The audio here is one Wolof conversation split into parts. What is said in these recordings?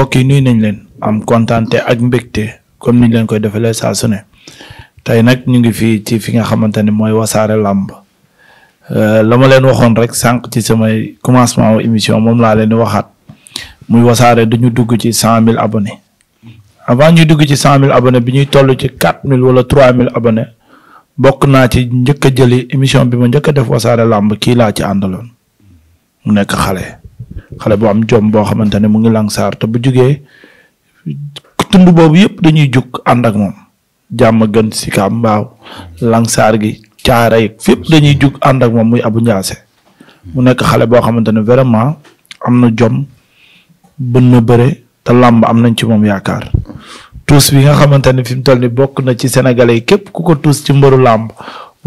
mbokk yi nuyu nañ leen am kontaante ak mbégte comme niñ leen koy defalee saa su tey nag ñu ngi fii ci fi nga xamante ne mooy wasaare làmb euh, la ma leen waxoon rek sànq ci samay commencement émission moom laa leen di waxaat muy wasaare dañu dugg ci cent mille abone avant ñuy dugg ci cent mille abone bi ñuy toll ci quatre mille wala trois mille abone bokk naa ci njëkk a jëli émission bi ma njëkk a def wasaare làmb kii laa ci àndaloon mu nekk xale. xale bu am jom boo xamante ne mu ngi lansaar te bu jugee tund boobu yëpp dañuy jóg ànd ak moom jàmm gën si kaam mbaaw lansaar gi caara yi fépp dañuy jóg ànd ak moom muy abu Ndiassé mu nekk xale boo xamante ne vraiment am na jom bën na bëre te làmb am nañ ci moom yaakaar tuus bi nga xamante ne fi mu toll ni bokk na ci sénégalais yi képp ku ko tuus ci mbaru làmb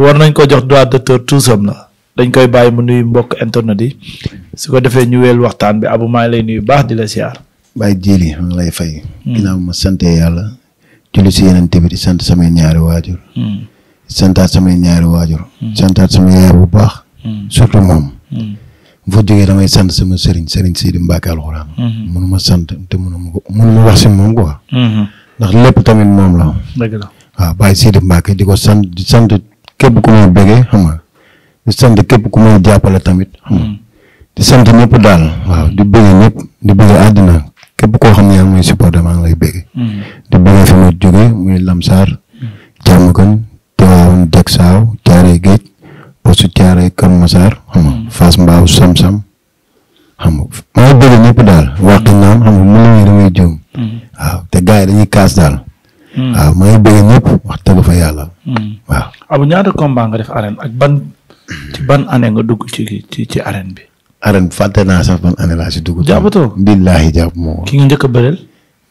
war nañ ko jox droit d'auteur tuusam na dañ koy bàyyi mu nuyu mbokk internet yi su ko defee ñu weel waxtaan bi abu maa ngi lay nuyu baax di la siyaar. Baye Djily maa ngi lay fay. Hmm. ginnaaw ma sante yàlla. julli si yeneen bi di sant samay ñaari waajur. Hmm. santaat samay ñaari waajur. Hmm. santaat sama yaay bu baax. surtout moom. bu fa jógee damay sant sama sëriñ sëriñ Sidi Mbacke alxuraan. mënuma sant te mënuma ko mënuma wax si moom quoi. ndax lépp tamit moom la. dëgg la waaw Baye Sidi di ko sant di sant képp ku di sant képp ku may jàppale tamit. Mm. di sant ñëpp daal. waaw di bëgg ñëpp di bëgg àddina képp koo xam ne yaa ngi may supporté maa ngi lay bëgg. Mm. di bëgg fi ma jógee muy Lamsaar. Mm. jàmm kan teewoon jag saaw caaree géej posu caaree Kër Masaar. xam Mbaaw Sam Sam. xam nga maa ngi bëgg daal waxtu te gars dañuy kaas daal. waaw maa ngi bëgg ñëpp wax dëgg yàlla. waaw. ci ban année nga dugg ci ci ci arène bi. arène naa sax ban année laa si dugg. jàppatoo billaahi jàpp moo. ki nga njëkk a bëreel.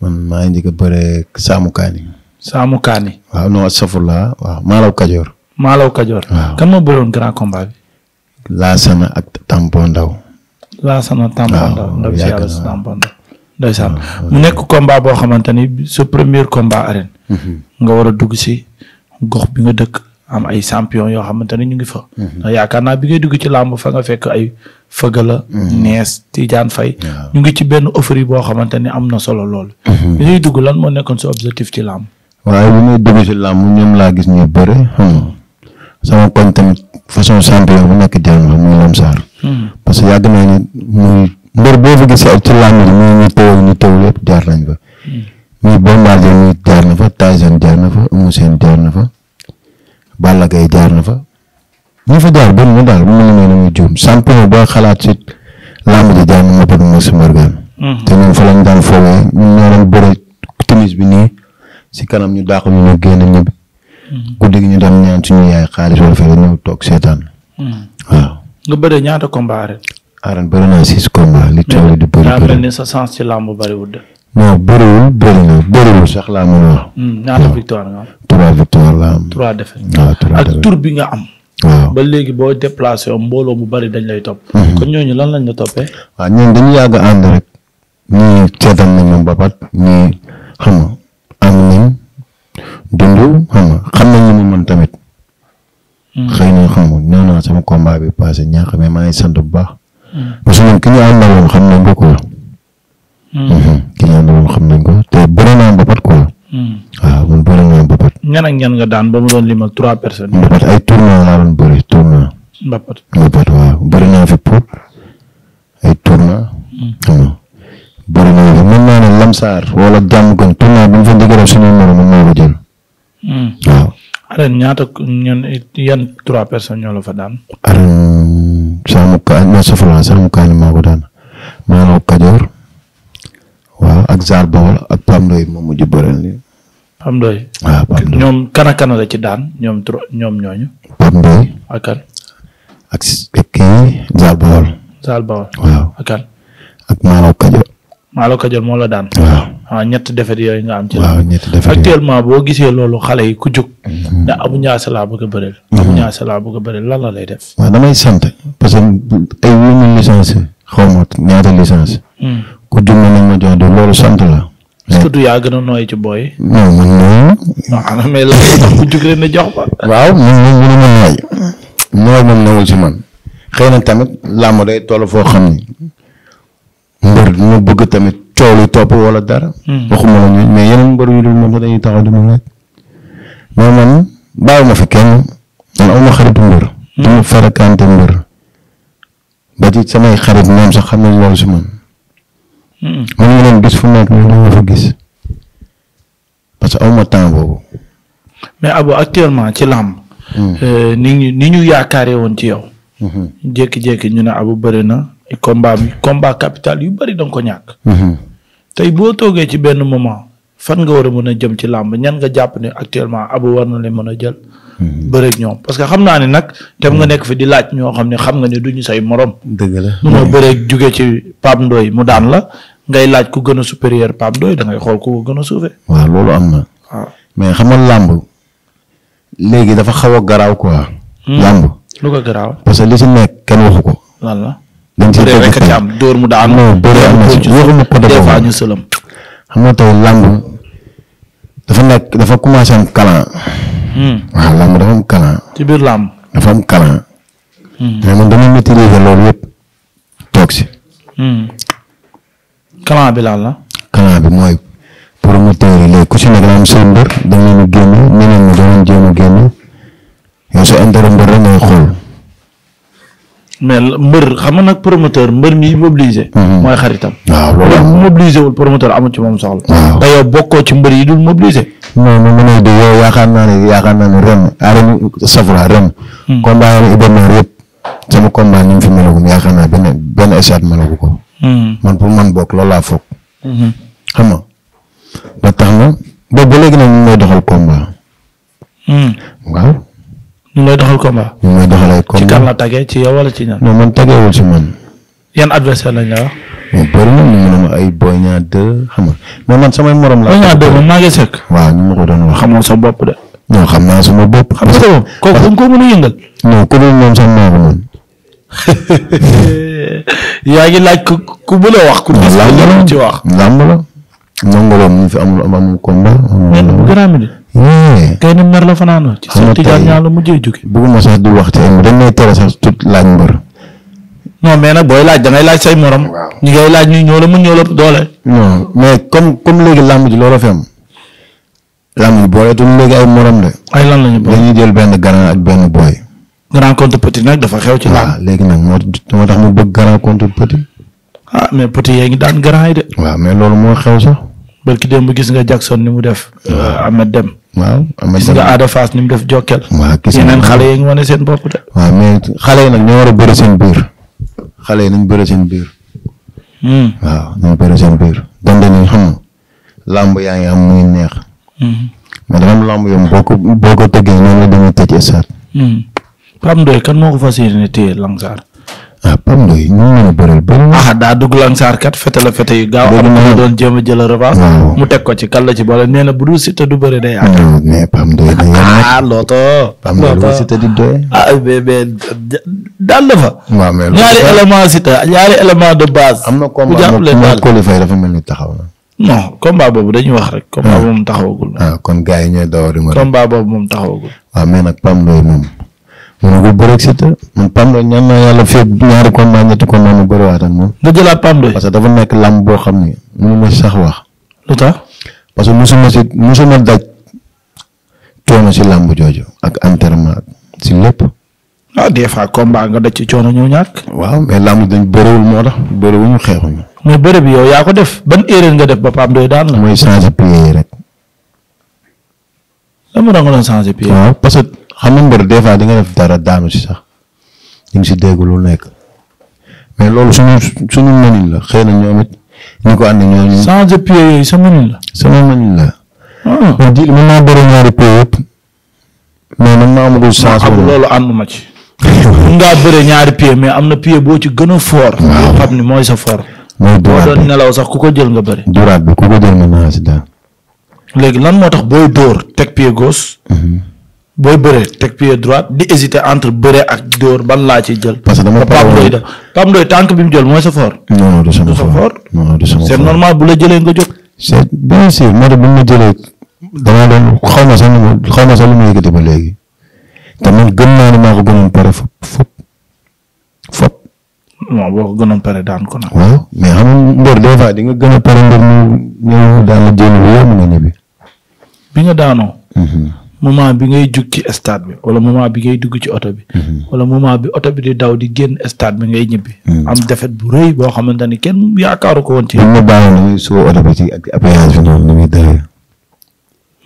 maa ngi njëkk a bëree Saamu Kaani. Saamu Kaani. waaw non astafurlaa waaw Maalaw Kajoor. Maalaw Kajoor. waaw kan moo bëroon grand combat bi. Laasana ak Tampon Ndaw. Laasana Tampon Ndaw. ndaw si yàlla si Tampon Ndaw. ndeysaan mu nekk combat boo xamante ni sa combat arène. Mhm. nga war a dugg si gox bi nga dëkk. am ay champion yoo xamante ne ñu ngi fa. Mhm. yaakaar naa bi ngay dugg ci làmb fa nga fekk ay Fëgala. Mhm. Nees Tidiane fay ñu ngi ci benn offre yi boo xamante ne am na solo lool. Mhm. bi ngay dugg lan moo nekkoon sa objectif ci làmb. waaye bi may laa gis ñuy bëre hmm. sama koñ tamit façon champion bu nekk jël ma hmm. parce que yàgg naa ni muy mbër boo fa ci làmb ji muy ñu jaar nañ fa. Hmm. muy Bombardier muy jaar na fa Tyson jaar na fa Eumeu Sène jaar na fa. baa Balla Gaye jaar na fa ñu fa jaar benn mu daal mu ne ma ne juum champion boo xalaat si làmb ji jaar na ma bëgg Moussa Morgan. Mhm. te ñun fa lañ daan foogee ñun ñoo doon bëre timis bi nii si kanam ñu daaxu ñu génn ñibbi. Mhm. guddi gi ñu dem ñaan suñu yaay xaalis wala fee dañoo toog seetaan. Mhm. waaw. nga bëre ñaata combat ren. ren bëri naa six combat li toll di bëri bëri. daa sa sens ci làmb bëriwul de. non bëriwul bëri na bëriwul sax laa mën a wax. Hmm, ñaata victoire nga am. trois victoire laa am. trois défaite ak tur bi nga am. waaw ba léegi boo déplacé woon mbooloo mu bari dañ lay topp. Hmm. kon ñooñu lan lañ la toppee. waaw ñooñu dañu yàgg ànd rek. ñii seetaan nañ ma mbapat ñii xam nga ànd nañ dund xam nga xam nañ li mu mën tamit. Hmm. xëy na xam nga nee naa sama combat bi passé ñaax mais maa ngi sant bu baax. parce que ñun ki ñu àndaloon xam nañ ko quoi. ñan ak ñan nga daan ba mu doon limal trois personnes. mbapat ay tournois laa doon bëri tournois. mbapat waaw bëri naa fi pour ay tournois. xam hmm. nga bëri naa naa ne Lamsaar wala jàmm gën tournoi bu ñu fa njëkk suñu numéro moom moo ko hmm. waaw. arène ñaata ñan trois personnes ñoo la fa daan. arène Saamu Ka ma Sofala Saamu maa ko daan Kajoor waaw ak Zaal Bawol ak Pam Ndoye moom mujj bëreel nii. Pam Ndoye waaw ah, Pam ñoom kana la ci daan ñoom trop ñoom ñooñu. Pam Ndoye. ak kan. ak kii Zal ak kan. ak Malaw Kajol. moo la daan. waaw ah ñett defet yooyu nga am. ci waaw boo gisee loolu xale yi ku jóg. Mm-hmm. ne Abou Ndiassé laa bëgg a bëreel. Mm-hmm. Abou Ndiassé lan la lay def. waaw damay sant parce ay lu mu licence xaw ma ñaata licence. Mm. ku jóg nañ ma jox de loolu sant la. surtout yaa gën a nooy ci booy. non man non. la bu jug ma nooy. moom newul ci man. xëy na tamit làmb day toll foo xam ni. mbër mu bëgg tamit coow lu topp wala dara. Hmm. waxuma la ñu mais yeneen mbër yu dul moom dañuy taxaw di moom rek. mais man bàyyi fi kenn man aw ma xaritu mbër. Hmm. du ma farakante mbër. ba ci samay xarit moom sax xam nañ loolu si man. man nga leen gis fu nekk ñu nga fa gis parce que awma temps boobu mais Abo actuellement ci làmb mm. euh, ni ñu ni ñu yaakaare woon ci yow mm-hmm. jékki-jékki ñu ne Abo bëri na combat bi capital yu bëri danga ko ñàkk mm-hmm. tey boo toogee ci benn moment fan nga war a mën a jëm ci làmb ñan nga jàpp ne actuellement Abo war na leen mën a jël mm-hmm. bëreeg ñoom parce que xam naa ne nag dem nga nekk fi di laaj ñoo xam ne xam nga du ñu say morom dëgg la mënoo bëreeg jóge ci Pape Ndoye mu daan la ngay laaj ku gën a supérieur Pape Ndoye da ngay xool ku gën a suufe waaw loolu am na. Ah. mais xam nga làmb léegi dafa xaw a garaaw quoi. Hmm. làmb lu ko garaaw. parce que si nekk kenn waxu ko. lan la dañ siy teg dóor mu daan. non dóor am na si waxuma làmb dafa nekk dafa commencé am kalan. Hmm. waaw làmb dafa am kalan. ci biir làmb. dafa am hmm. mais man dama maîtriser loolu yëpp toog si. clan bi lan la. clan bi mooy promoteur yi léegi ku si nekk daam seen mbër da leen a génne ñeneen ñi da leen jéem a génne yow sa intérêt mbër rek ngay mais mbër xam nga nag promoteur mbër mi mobilisé. Mhm. mooy xaritam. waaw loolu am mobilisé wul amul ci moom soxla. waaw bokkoo ci mbër yi dul mobilisé. non non non yow yaakaar naa ne yaakaar naa ne ren arène safra ren. Hmm. combat yi Iba Mar yëpp sama combat ni mu fi melagum yaakaar naa benn benn écharpe melagu hmm. laa foog. Hmm. xam nga ba tax na boobu ba léegi nag ñu ngi may hmm. lay doxal combat. ñu ngi may doxal ay combat la tagee ci yow ci ñan. non man tageewul ci man. yan adversaire lañ ma ay Boy Niang 2 xam nga mais man samay la. Boy Niang 2 moom maa ngi ko doon sa bopp de. xam naa sama bopp. xam a yëngal. non ku dul moom sax maa ko yaa ngi laaj ku ku mën wax. ku des ci wax làmb la. nangolo mu fi amul amul combat. amul garaam de. kay la fanaanoo ci Cheikh Tidiane ñaa la mujjee jóge. bëgguma sax di wax ci ay dañ lay tere sax mais nag booy laaj da ngay laaj say morom. ñi ngay laaj ñu ñoo la mën ñoo doole. mais comme comme léegi làmb ji loolu fi am. làmb ji booleetul léegi ay morom de. ay lan la ñu boole dañuy jël benn garan ak benn booy. grand contre petit nag dafa xew ci làmb. léegi nag moo moo tax mu bëgg grand contre petit. ah mais petit yaa ngi daan grand yi de. waaw mais loolu moo xew sax. barki démb gis nga Jackson ni mu def. Euh, Ahmed Dem. waaw Ahmed Dem gis nga Ada ni mu def Jokkel. waaw gis nga yeneen xale yi ngi seen bopp de. mais xale yi nag ñoo war a bëri seen biir. xale yi nañ bëri seen biir. Hmm. waaw nañ bëri seen biir. donte ni xam nga làmb yaa ngi am muy neex. Hmm. mais dafa am làmb yow boo ko boo ko tëggee noonu la demee tëj esaat. Pape Ndoye kan moo ko fas a bëreel ba. ah daa la fete yu gaaw. am na a jël revanche mu teg ko ci kan la ci boole na bu dul Siteu du bëri day. non ah, mais Pape Ndoye da ah looto. Pape ah, fa. waaw am na combat bu jàppale daal mel ni taxaw na. non combat boobu dañuy wax rek. combat ah. boobu moom taxawagul. ah kon gars yi ñooy dawari ma. combat nag Pape Ndoye moom. mu ngi bëreeg Siteu man PAM la ñaan naa yàlla fii ñaari combat ñetti mu bëriwaat moom. dëgg la PAM doy. parce que dafa nekk làmb boo xam ne mënu ma sax wax. lu tax parce que mosuma si mosuma daj coono si làmb jooju ak entraînement si lépp. ah des fois combat nga ci coono ñu ñàkk. waaw mais làmb dañ bëriwul moo tax bëriwuñu xeexuñu. mais bëri bi yow yaa ko def ban erreur nga def ba PAM doy daan la. mooy changer pied yi rek. lan moo doon nga doon changer pied. waaw parce xam nga mbër des fois di nga def dara daanu ci sax di nga si dégg lu nekk mais loolu suñu suñu mënin la xëy na ñoom it ñu ko ànd ñooñu. changer pied yooyu sa mënin la. sama mënin la. waaw ah. di mën naa bëri ñaari pied yëpp. mais nag ma ci. mun ngaa bëre ñaari pied mais am na pied boo ci gën a fort. waaw xam mooy sa fort. mooy duraat nelaw sax ku ko jël nga bëri. duraat bi ku ko jël mën naa si daal. léegi lan moo tax booy dóor teg pied gauche. Mhm. booy bëree teg pied droit di hésiter entre bëree ak dóor ban laa ciy jël. parce que dama la Pape Ndoye def Pape Ndoye tànk bi mu jël mooy sa fort. non du sama fort non du sama fort. bu la jëlee nga jóg. c'est moo tax bu jëlee damaa doon xaw ma sax lu ma xaw ma sax lu ma yëkkati ba léegi te man gën naa ne maa ko gënoon pare fop fop fop. non boo ko gënoon pare daan ko nag. waaw mais xam nga mbër des di nga gën a pare mbër mu ñëw daan la jéem a yomb nga ñibbi. bi nga daanoo. Mhm. moment bi ngay jug ci stade bi wala moment bi ngay dugg ci oto bi. Mhm. wala moment bi oto bi di daw di génn stade bi ngay ñibbi. Mhm. am defet bu rëy boo xamante ni kenn yaakaaru ko woon ci. dañ ma bàyyi su ni muy dawee.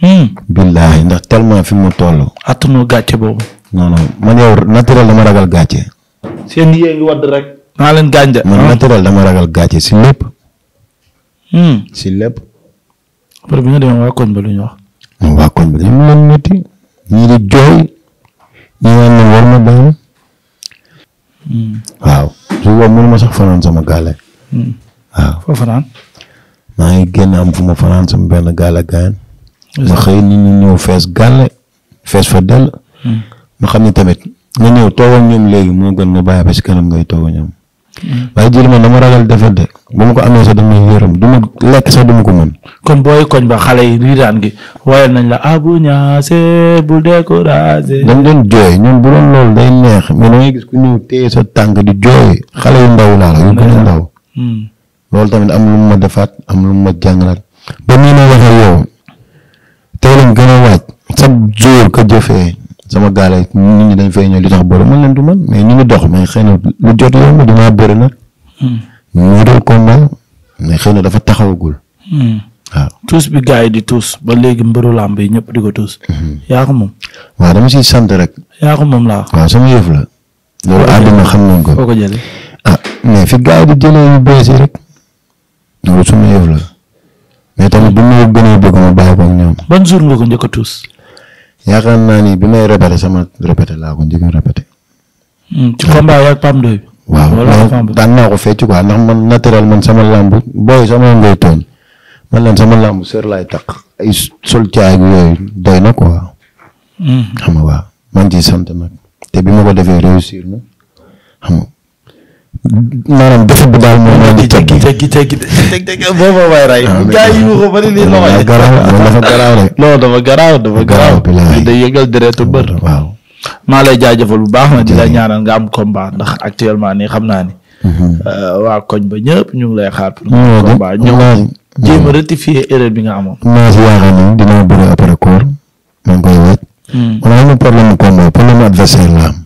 Hmm. billaahi ndax tellement fi mu toll. attanoo gàcce boobu. non non man yow naturel dama ragal gàcce. seen yee ngi wadd rek. naa leen gaañ de. man ah. naturel dama ragal gàcce si lépp. Hmm. lépp. bi nga demee waa koñ ba lu ñu wax. waa koñ bi dañu mën ñii di jooy ñii naan ne war na hmm. waaw su boobu mënuma sax fanaan sama gaale hmm. waaw foo fanaan maa ngi génn am fuma fanaan sama benn gaala gaayan ma xëy nit ñi ñëw fees gaale fees fa dell hmm. ma xam ne tamit nga ñëw toogal ñoom léegi moo gën nga bàyyi ba si kanam ngay toogal ñoom waaye jël man dama ragal defet de bu ma ko amee sax damay yërëm du ma lekk sax du ma ko mën. kon booy koñ ba xale yi riiraan gi wayal nañ la abu ñaase bul découragé. dañ doon jooy ñun bu doon loolu day neex mais da gis ku ñëw téye sa tànk di jooy xale yu ndaw laa la yu gën a ndaw. Hmm. loolu tamit am lu ma defaat am lu ma jàngalaat ba nii ma waxee yow tey lañ gën a waaj sa jóor ko jëfee. sama gaale nit ñi dañ fay ñëw li tax bëri man leen du man mais ñu ngi dox mais xëy na lu jot yomb dinaa hmm. na dafa taxawagul. Hmm. waaw tuus bi gars di tuus ba léegi mbëru làmb yi ñëpp di ko tuus. Hmm. yaa ko moom. waaw dama siy sant rek. yaa ko moom laa. waaw sama yëf la. loolu àdduna xam nañ ko. foo ko jëlee ah mais fi gars yi di jëlee yu bees rek. loolu sama yëf la mais tamit bu ma gënee bëgg ma bàyyi ko ak ñoom. ban jour nga ko njëkk tuus. yaakaar naa ni bi may répété sama répété laa ko njëkk a répété. Hmm, ci combat yi ak PAM waaw daan naa ko fecc quoi ndax man naturel man sama làmb booy sama ngay tooñ man leen sama làmb sër laay takk ay sol caag doy na quoi. Hmm. xam nga waaw man ciy sant nag te bi ma ko defee réussir na xam nga maanaam defar bi daal moom mooy. teggi teggi ah, garaaw de. non maa lay jaajëfal bu baax na di la ñaanal nga am combat ndax actuellement nii xam naa ni. Mhm. Euh, waa koñ ba ñëpp ñu ngi lay xaar. ñoo bi nga amoon. maa si yaakaar ni dinaa bëri après koor. maa ngi hmm. mu combat problème mu adversaire la am.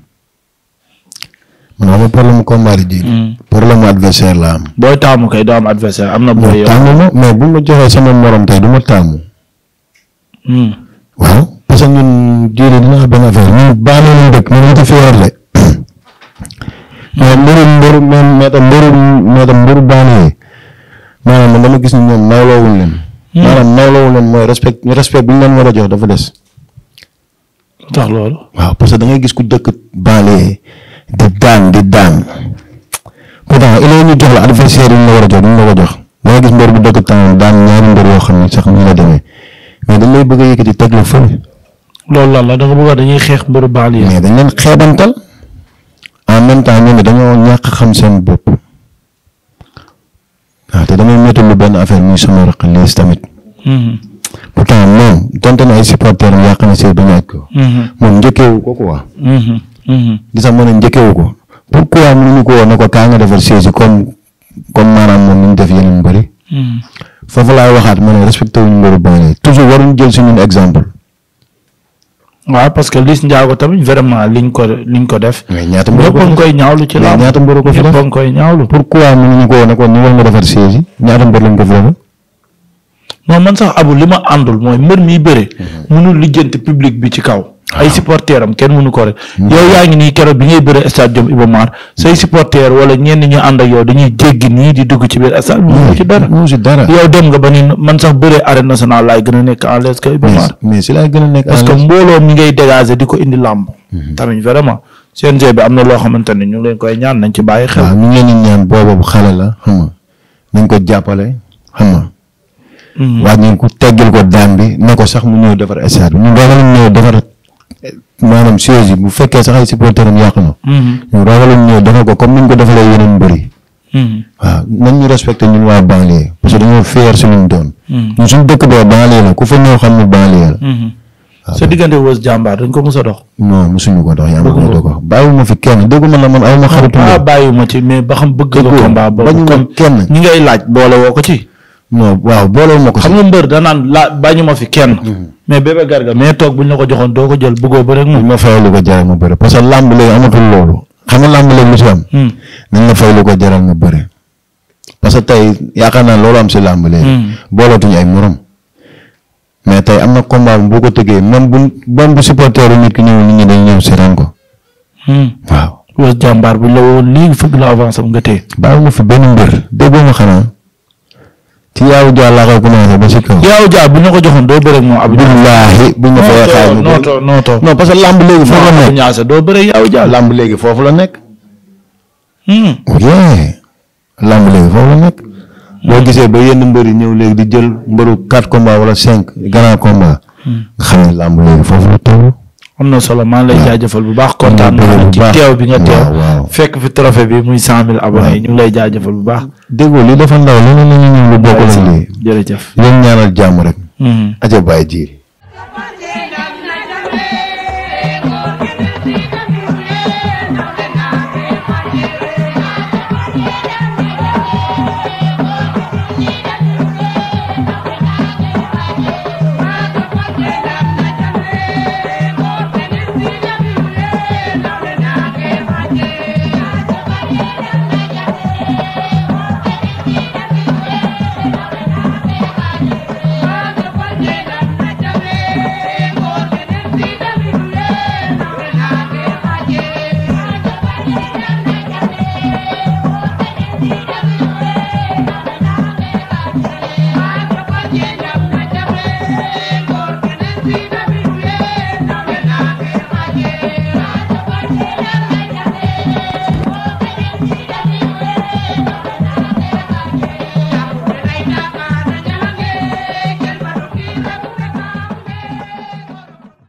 man amul problème combat di ji. Mm. problème adversaire la am. booy taamu kay doo am adversaire am na. booy yow taamu ma mais bu ma joxee sama morom tey du ma taamu. Mm. waaw parce que ñun baax na ñu dëkk ñu ngi fi yorle. mais mbiru mbiru même mais tam mbiru mais tam mbiru gis ne ñoom nawloowul leen. Mm. maanaam mooy respect respect bi ñu leen a jox dafa des. tax loolu. waaw que da gis ku dëkk baale daan di daan pourtant il est ñu jox la adversaire yi mu la a jox da nga gis mbër bu dëkk temps daan ñaari mbër la demee mais dañ lay bëgg a la fële. loolu lan da xeex mbëru baal yi. mais dañ leen xeebantal en même temps ñoom dañoo ñàkk xam seen bopp waaw te damay métti lu benn affaire muy sama raq lees tamit. Mm-hmm. pourtant moom donte na ay supporters yàq na see ba ñaaj ko. Mm-hmm. moom njëkkeewu ko quoi. Mm-hmm. gis nga mën a njëkkeewu ko. pourquoi mënuñu ko woon ne ko kaa nga defar séesi comme comme maanaam moom ni ñu def yeneen mbëri. Hmm. foofu laay waxaat ma ne respecté wuñu mbëri booy toujours waruñu jël suñu exemple. waaw parce que Liss Ndiago tamit vraiment liñ ko liñ ko def. mais ñaata mbëri ko koy ñaawlu ci la ñaata mbëri ko fi def ñëpp koy ñaawlu. pourquoi mënuñu ko woon ne ko ni war nga defar séesi ñaata mbër lañ ko fi defar. man sax abul li ma àndul mooy mbër mii bëre. Mhm. mënul lijjanti public bi ci kaw. ay supporteurs am kenn mënu ko rek. yow yaa ngi nii keroog bi ngay bëre stade Jom Iba Mar say supporteurs wala ñenn ñu ànd ak yow dañuy jéggi nii di dugg ci biir stade mu mu ci dara dem nga ba man sax bëre arène nationale laay gën a nekk en l'aise que Iba Mar. mais a nekk parce di ko indi làmb. Mhm. tamit vraiment CNG bi am na loo xamante ne ñu ngi leen koy ñaan nañ ci bàyyi xel. waaw ñu ngi leen di ñaan boobu bu xale la xam nga nañ ko jàppale xam nga. Mhm. ñu ko teggil ko daan bi ne ko sax mu ñëw defar stade bi ñu ñëw defar maanaam siège yi bu fekkee sax ay supporteram yàqu na. ñun mhm. ragaluñ ñëw defal ko comme niñ ko defalee yeneen mbër yi. Mhm. waaw nañ ñu respecté ñun waa banlieue parce que dañoo mhm. ku fa ne banlieue la. sa diggante Weuz jàmbaar ko mos a dox. non mosuñu ko dox yaa ma ko dox bàyyiwuma fi kenn dégguma la man aw ah, ah, ma ba xam bëgg nga combat boobu comme woo ko ci. non waaw boole wu ma ko ci. xam mbër danaan la bàyyi ma fi kenn. mais bébé garga mais toog bu ñu la ko joxoon doo ko jël bëggoo bëri ak moom. ma fay lu ko jaay ma bëri parce làmb léegi amatul loolu xam nga làmb léegi lu am. Hmm. nañ la fay lu ko jaral nga bëri. parce que tey yaakaar naa loolu am si làmb léegi. Hmm. boolootuñu ay morom. mais tey am na combat boo ko tegee même bu même bu supporteeru nit ki ñëw nit ñi dañ ñëw seetaan ko. Hmm. waaw. jàmbaar bu la woon léegi fukk la avance am nga téye. bàyyi ma fi benn mbër déggoo ma xanaa. ci yaawu jaa laa koy commencé ba si kaw. yaawu bu ñu ko joxoon doo bëreeg moom ab. billaahi bu ñu ko waxee nootoo nootoo non que lamb léegi foofu la nekk ñaase doo bëreeg yaawu jaa lamb léegi foofu la nekk. Hmm. ok boo gisee ba yenn mbër yi ñëw léegi di jël mbëru quatre combats walla cinq grand combat. Hmm. nga xam ne lamb léegi foofu la toll. am na solo maa lay jaajëfal bu baax kontaan naa ci teew bi nga teew fekk fi trophée bi muy cent mille abonnés ñu lay jaajëfal bu baax déggoo li dafa ndaw leneen la ñu ñëw lu bokk lañ lii jërëjëf yéen ñaanal jàmm rek mm-hmm. aja jiir